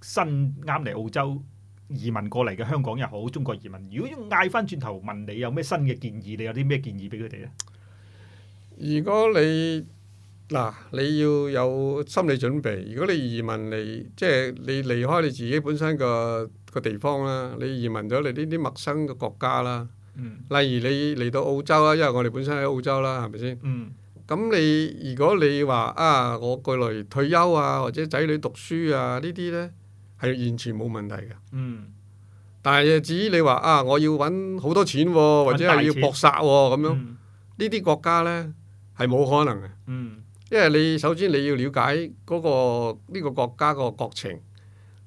新啱嚟澳洲移民過嚟嘅香港又好，中國移民，如果要嗌翻轉頭問你有咩新嘅建議，你有啲咩建議俾佢哋咧？如果你嗱，你要有心理準備，如果你移民嚟，即係你離開你自己本身個個地方啦，你移民咗你呢啲陌生嘅國家啦。例如你嚟到澳洲啦，因為我哋本身喺澳洲啦，係咪先？咁、嗯、你如果你話啊，我過來退休啊，或者仔女讀書啊，呢啲呢，係完全冇問題嘅。嗯、但係至於你話啊，我要揾好多錢，啊，或者係要搏殺咁樣，呢啲、嗯、國家呢，係冇可能嘅。嗯、因為你首先你要了解嗰、嗰個呢、呢個國家個國情，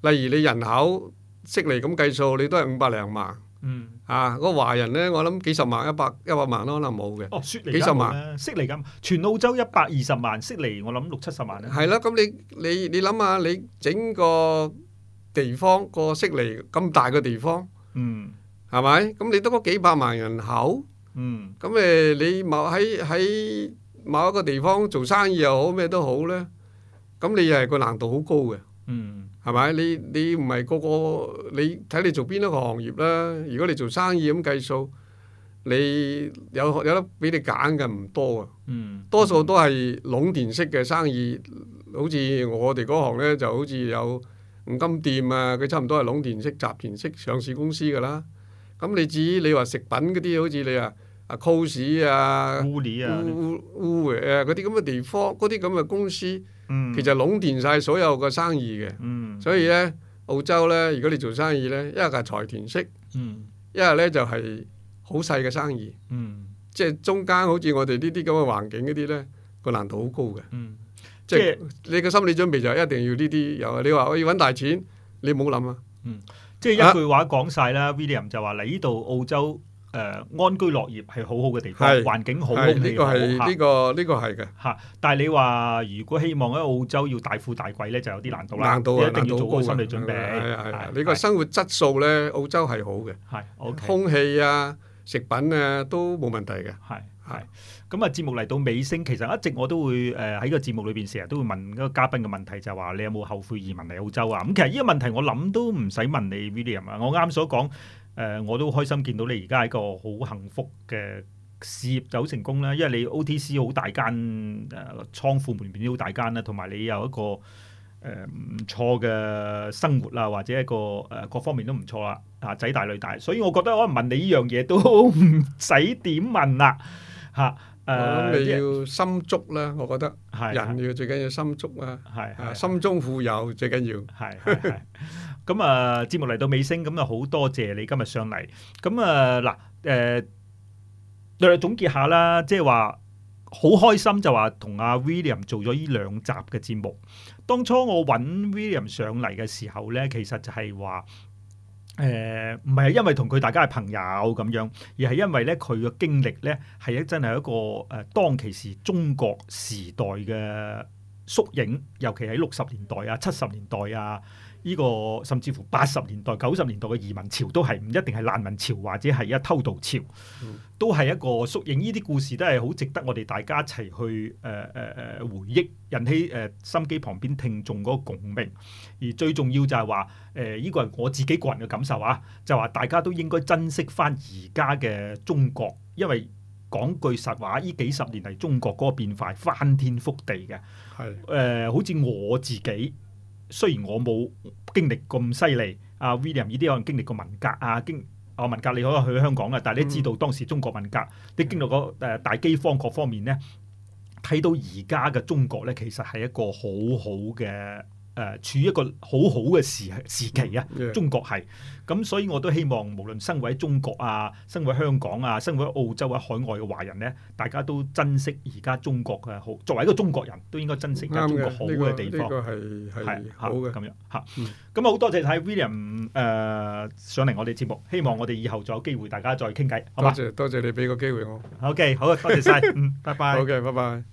例如你人口積嚟咁計數，你都係五百零萬。嗯，啊，嗰個華人咧，我諗幾十萬、一百、一百萬都可能冇嘅。哦，悉尼幾十萬，悉尼咁，全澳洲一百二十萬，悉尼我諗六七十萬咧。係啦、啊，咁你你你諗下，你整個地方個悉尼咁大嘅地方，嗯，係咪？咁你得嗰幾百萬人口，嗯，咁誒，你某喺喺某一個地方做生意又好，咩都好咧，咁你又係個難度好高嘅，嗯。係咪？你你唔係個個？你睇你做邊一個行業啦？如果你做生意咁計數，你有有得俾你揀嘅唔多啊！嗯、多數都係壟斷式嘅生意，好似我哋嗰行咧，就好似有五金店啊，佢差唔多係壟斷式、集團式上市公司㗎啦。咁你至於你話食品嗰啲，好似你啊啊 Coles 啊、啊、嗰啲咁嘅地方，嗰啲咁嘅公司。嗯、其實壟斷晒所有嘅生意嘅，嗯、所以咧澳洲咧，如果你做生意咧，一係財團式，嗯、一係咧就係好細嘅生意，嗯、即係中間好似我哋呢啲咁嘅環境嗰啲咧，個難度好高嘅、嗯，即係你嘅心理準備就一定要呢啲有，你話我要搵大錢，你唔好諗啊，嗯、即係一句話講晒啦、啊、William 就話你呢度澳洲。誒、呃、安居樂業係好好嘅地方，是環境好，這個、好，好呢、這個係呢、這個呢個係嘅嚇。但係你話如果希望喺澳洲要大富大貴咧，就有啲難度啦。難度、啊、一定要做好心理準備。是你個生活質素咧，是澳洲係好嘅。係。Okay、空氣啊，食品啊，都冇問題嘅。係係。咁啊，是節目嚟到尾聲，其實一直我都會誒喺、呃、個節目裏邊，成日都會問嗰個嘉賓嘅問題，就係、是、話你有冇後悔移民嚟澳洲啊？咁、嗯、其實呢個問題我諗都唔使問你 William 啊，我啱啱所講。誒、呃，我都開心見到你而家係一個好幸福嘅事業就好成功啦，因為你 OTC 好大間誒、呃、倉庫門面都好大間啦，同埋你有一個誒唔、呃、錯嘅生活啦，或者一個誒、呃、各方面都唔錯啦，啊仔大女大，所以我覺得可能問你呢樣嘢都唔使點問啦，嚇、啊、誒！你要心足啦，呃、我覺得，係人要最緊要心足啦、啊，係、啊、心中富有最緊要，係。 咁啊，節目嚟到尾聲，咁啊好多謝你今日上嚟。咁啊嗱，誒、呃呃、略略總結下啦，即係話好開心就話同阿 William 做咗呢兩集嘅節目。當初我揾 William 上嚟嘅時候呢，其實就係話誒唔係因為同佢大家係朋友咁樣，而係因為呢，佢嘅經歷呢，係一真係一個誒當其時中國時代嘅縮影，尤其喺六十年代啊、七十年代啊。呢個甚至乎八十年代、九十年代嘅移民潮都係唔一定係難民潮或者係一偷渡潮，嗯、都係一個縮影。呢啲故事都係好值得我哋大家一齊去誒誒誒回憶，引起誒、呃、心機旁邊聽眾嗰個共鳴。而最重要就係話誒，呢、呃呢個係我自己個人嘅感受啊，就話、是、大家都應該珍惜翻而家嘅中國，因為講句實話，呢幾十年嚟中國嗰個變化翻天覆地嘅。係誒是的、呃，好似我自己。雖然我冇經歷咁犀利，阿、啊、William 依啲可能經歷過文革啊，經啊文革你可以去香港啊，但係你知道當時中國文革，嗯、你經歷過誒大饑荒各方面咧，睇到而家嘅中國咧，其實係一個好好嘅。誒處於一個好好嘅時時期啊，中國係咁，所以我都希望無論生活喺中國啊、生活喺香港啊、生活喺澳洲啊海外嘅華人咧，大家都珍惜而家中國嘅好，作為一個中國人都應該珍惜而家中國好嘅地方。啱係係好嘅咁、啊、樣嚇。咁好多謝睇 William 誒、呃、上嚟我哋節目，希望我哋以後再有機會大家再傾偈，好嗎？多謝多謝你俾個機會我。OK 好，多謝晒。嗯， 拜拜。拜拜。